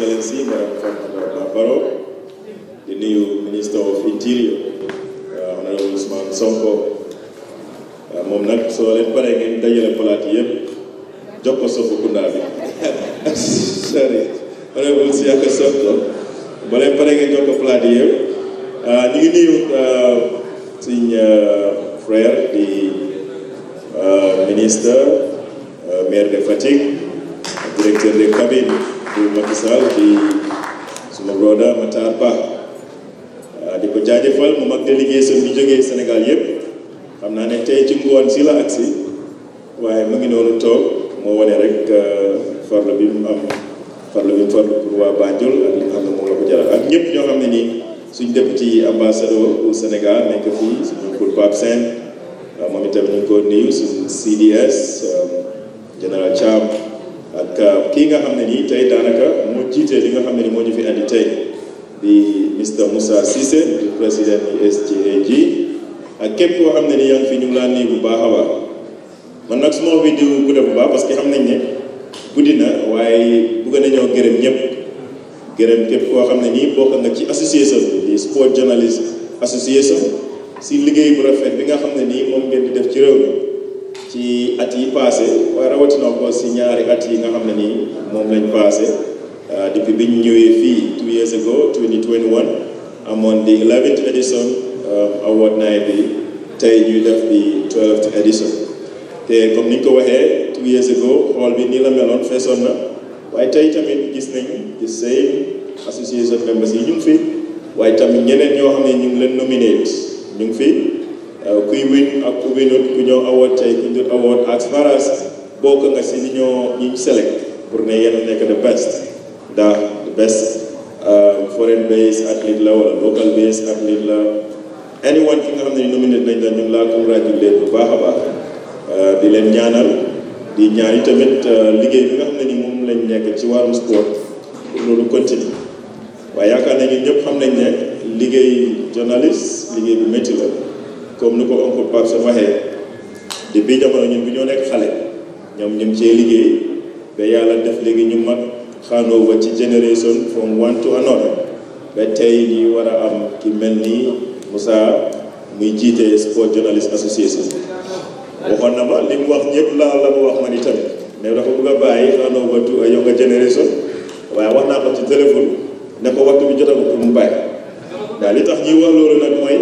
excellency Madam Fatma Barrow, the new Minister of Interior, uh, honorable Ousmane Sonko uh, moom nag soo leen paree ngeen dajale palaat yëpp jox ko Sofokunda bi sorry honorable Sonko boo paree ngeen jox ko palaat yëpp uh, ñu ngi nuyu suñ frère di ministre maire de Fatick directeur de cabinet Di kasih di semua roda macam apa eh, di penjajah file memakai lagi sembijang di Senegal yep. Kami nanti cek cungguan sila aksi. Wah mungkin orang tua mau wanerek far lebih am far lebih far berdua banjul dan kami mau lebih jarak. Yep yang kami ini sudah dapat di ambasado Senegal mereka di sebelum kurba absen. Mami tahu news CDS eh, General Champ. kii nga xam ne nii tey daanaka mu jiite li nga xam ne ni moo ñu fi andi tey di Mr Moussa Cissé di président USGAG ak képp koo xam ne ni yaa ngi fi ñu ngi laa nii bu baax a baax man nag su ma vidéo gudda bu baax parce que xam nañ ne guddi na waaye bëgg nañoo gërëm ñëpp gërëm këpp koo xam ne nii bokk nga ci association bi di sport journalist association si liggéey bu rafet bi nga xam ne nii moom ngeen di def ci réew mi ci at yi passé waaye rawatina ko si ñaari at yi nga xam ne nii moom lañ passé euh, depuis bi ñu ñëwee fii two years ago 2021 amoon di 11th edition euh, award night bi tey ñuy def di 12 edition te comme ni ko waxee two years ago xool bi nii la meloon feesoon na waaye tey tamit gis nañu di same association members yi ñu ngi fi waaye tamit ñeneen ñoo xam ne ñu ngi leen nominate ñu ngi fi Euh, kuy win ak ku winut ku ñoo awoon tey ku ñu awoon as far as bokk nga si li ñoo ñu select pour ne yéen nekk the best ndax the best euh, foreign based athlete la wala local based athlete la anyone ki nga xam ne nominate nañ la ñu laa congratulate bu baax a baax euh, di leen ñaanal di ñaan tamit liggéey bi nga xam ne ni moom lañ nekk ci wàllu sport pour loolu continue waaye yaakaar nañu ñëpp xam nañ ne liggéey journaliste liggéey bu métti la comme ni ko oncle Pape sa di bii jamono ñun bu ñoo nekk xale ñoom ñu ngi cee liggéey ba yàlla def léegi ñu mag xaandoo ba ci génération from one to another ba tey ñi war a am ki mel nii Moussa muy jiite Sport Journalist Association waxoon na ma li mu wax ñëpp laa la mu wax ma ni tamit mais dafa bëgg a bàyyi xaandoo ba tu yow nga génération waaye wax naa ko ci téléphone ne ko waxtu bi jotagul pour mu bàyyi daal li tax ñuy wax loolu nag mooy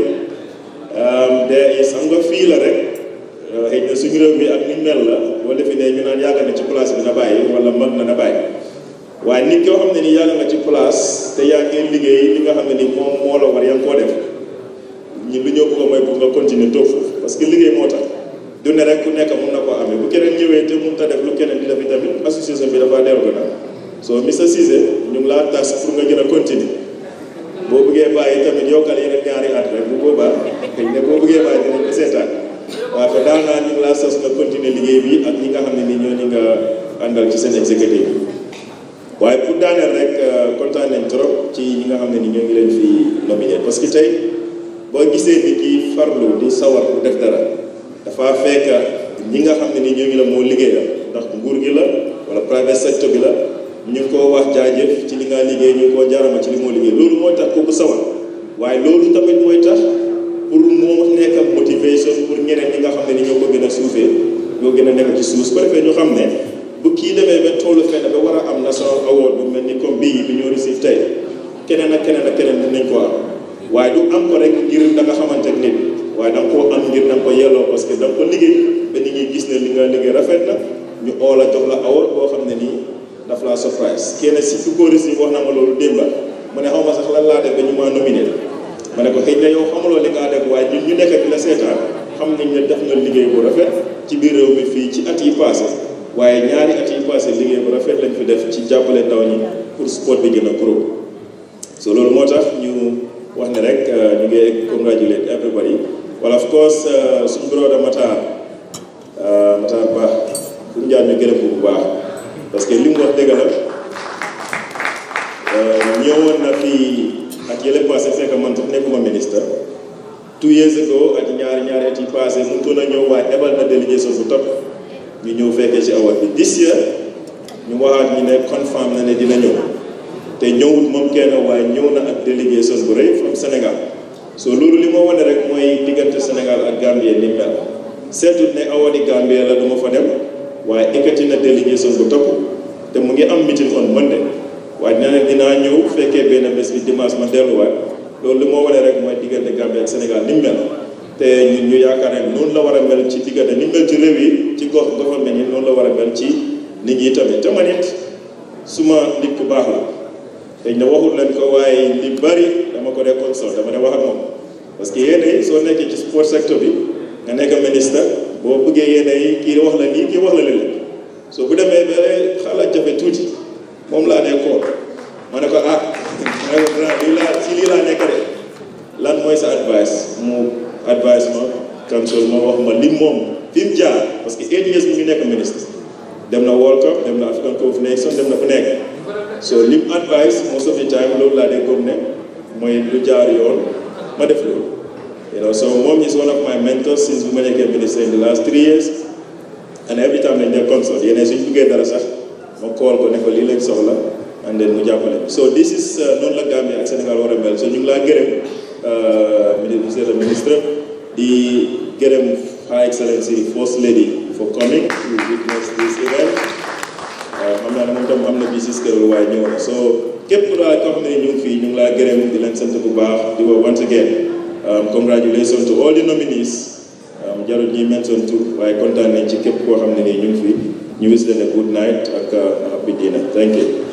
de euh, xam nga fii la rek euh, xëy na suñu réew mi ak ñu mel la boo defi ne ñu naan yàgg na ci place bi na bàyyi wala mën na na bàyyi waaye nit koo xam ne ni yàgg nga ci place te yaa ngi liggéey li nga xam ne ni moom moo la war yaa ngi koo def ñun lu ñoo bëgg a mooy pour nga continuer toog foofu parce que liggéey moo tax du ne rek ku nekk mun na ko amee bu keneen ñëwee te mun ta def lu keneen di def tamit association bi dafa dellu gannaaw soo Mister Ceesay ñu ngi laa tas pour nga bëggee bàyyi tamit yokkal yeneen ñaari at rek bu boobaa xëy na boo bëggee bàyyi dinañ ko seetaan waaye ko daal naa ñu ngi laa sos nga continuer liggéey bi ak ñi nga xam ne ni ñoo ñi nga àndal ci seen exécutif parce que tey di sawar pour def dara dafa fekk ñi nga xam ne ni ñoo ngi private sector ñu ngi koo wax jaajëf ci li nga liggéey ñu ngi koo jarama ci li moo liggéey loolu mooy tax kooku sawar waaye loolu tamit mooy tax pour moo nekk ak motivation pour ñeneen ñi nga xam ne ni ñoo ko gën a suufee ñoo gën a nekk ci suuf su ko defee ñu xam ne bu kii demee ba toolu fenn ba war a am national award bu mel ni comme bii bi ñoo receive tey keneen ak keneen ak keneen nañ ko am waaye du am ko rek ngir da nga xamante nit waaye da nga koo am ngir da ko yelloo parce que da nga liggéey ba nit ñi gis ne li nga liggéey rafet na ñu oola jox la award boo xam ne nii daf laa surprise kenn si su ko risi wax na ma loolu démb la ne xaw ma sax lan laa def ba ñu maa nominé ma ne ko xëy na yow xamuloo li ngaa def waaye ñun ñu nekk di la seetaan xam nañ ne def nga liggéey bu rafet ci biir réew mi fii ci at yi passé waaye ñaari at yi liggéey bu rafet lañ fi def ci jàppale ndaw ñi pour sport bi gën a pro so loolu moo tax ñu wax ne rek euh, ñu ngi congratulate everybody well of course euh, suñu brother Matar euh, Matar Ba fu mu jaar ñu gërëm bu baax parce que li mu wax dëgg la euh, ñëwoon na fii ak yële passé fekk man nekkuma ministre two years ago ak ñaari ñaari at yi passé mënutoon a ñëw waaye ebal na délégation bu topp ñu ñëw fekkee ci award bi this year ñu waxaat ñu ne confirm na ne dina ñëw te ñëwul moom kenn waaye ñëw na ak délégation bu rëy from Sénégal so loolu li ma wane rek mooy diggante Sénégal ak Gambie ni mel seetut ne award yi Gambie la du fa dem waaye ekkati na délégation bu topp te mu ngi am meeting on Monday waaye nee na dinaa ñëw fekkee benn bés bi dimanche ma delluwaat loolu li moo wane rek mooy diggante Gambie ak Sénégal ni mu te ñun ñu yaakaar ne noonu la war a mel ci diggante ni mu mel ci réew yi ci gox government yi noonu la war a mel ci nit ñi tamit te man it suma nit ku baax la te ñu waxul leen ko waaye li bari dama ko dee console dama ne wax ak moom parce que yéen soo nekkee ci sport secto bi nga nekk ministre boo bëggee yenn kii wax na lii kii wax na lii la soo bu demee ba xalaat jafe tuuti moom laa dee koor ma ne ko ah ma ne lii laa ci de lan mooy sa advice mu advice ma council ma wax ma li moom fi mu jaar parce que eight years mu ngi nekk ministre dem na World Cup dem na African Cup of Nations dem na fu nekk so lim advice moo of the time loolu laa dee gëm ne mooy lu jaar yoon ma def loolu so Mom is one of my mentors since bu ma nekkee ministre in the last three years and every time dañ dee consult yeneen suñ buggee dara sax ma kool ko ne ko lii lañ soxla and then mu jàppale so this is uh, noonu la Gambie ak Sénégal war a mel so ñu laa gërëm uh, monsieur le ministre di gërëm High Excellency First Lady for coming to witness this event uh, xam naa ne moom tam am na bi sis kërl waaye ñëw so képp ku daal xam ne ñu fii ñu ngi laa gërëm di leen sant ko once Um, congratulations to all the nominees um, jarul ñuy mention tur waaye kontaan nañ ci képp koo xam ne nii ñu ngi fi ñu wish leen a good night ak uh, happy dinner thank you.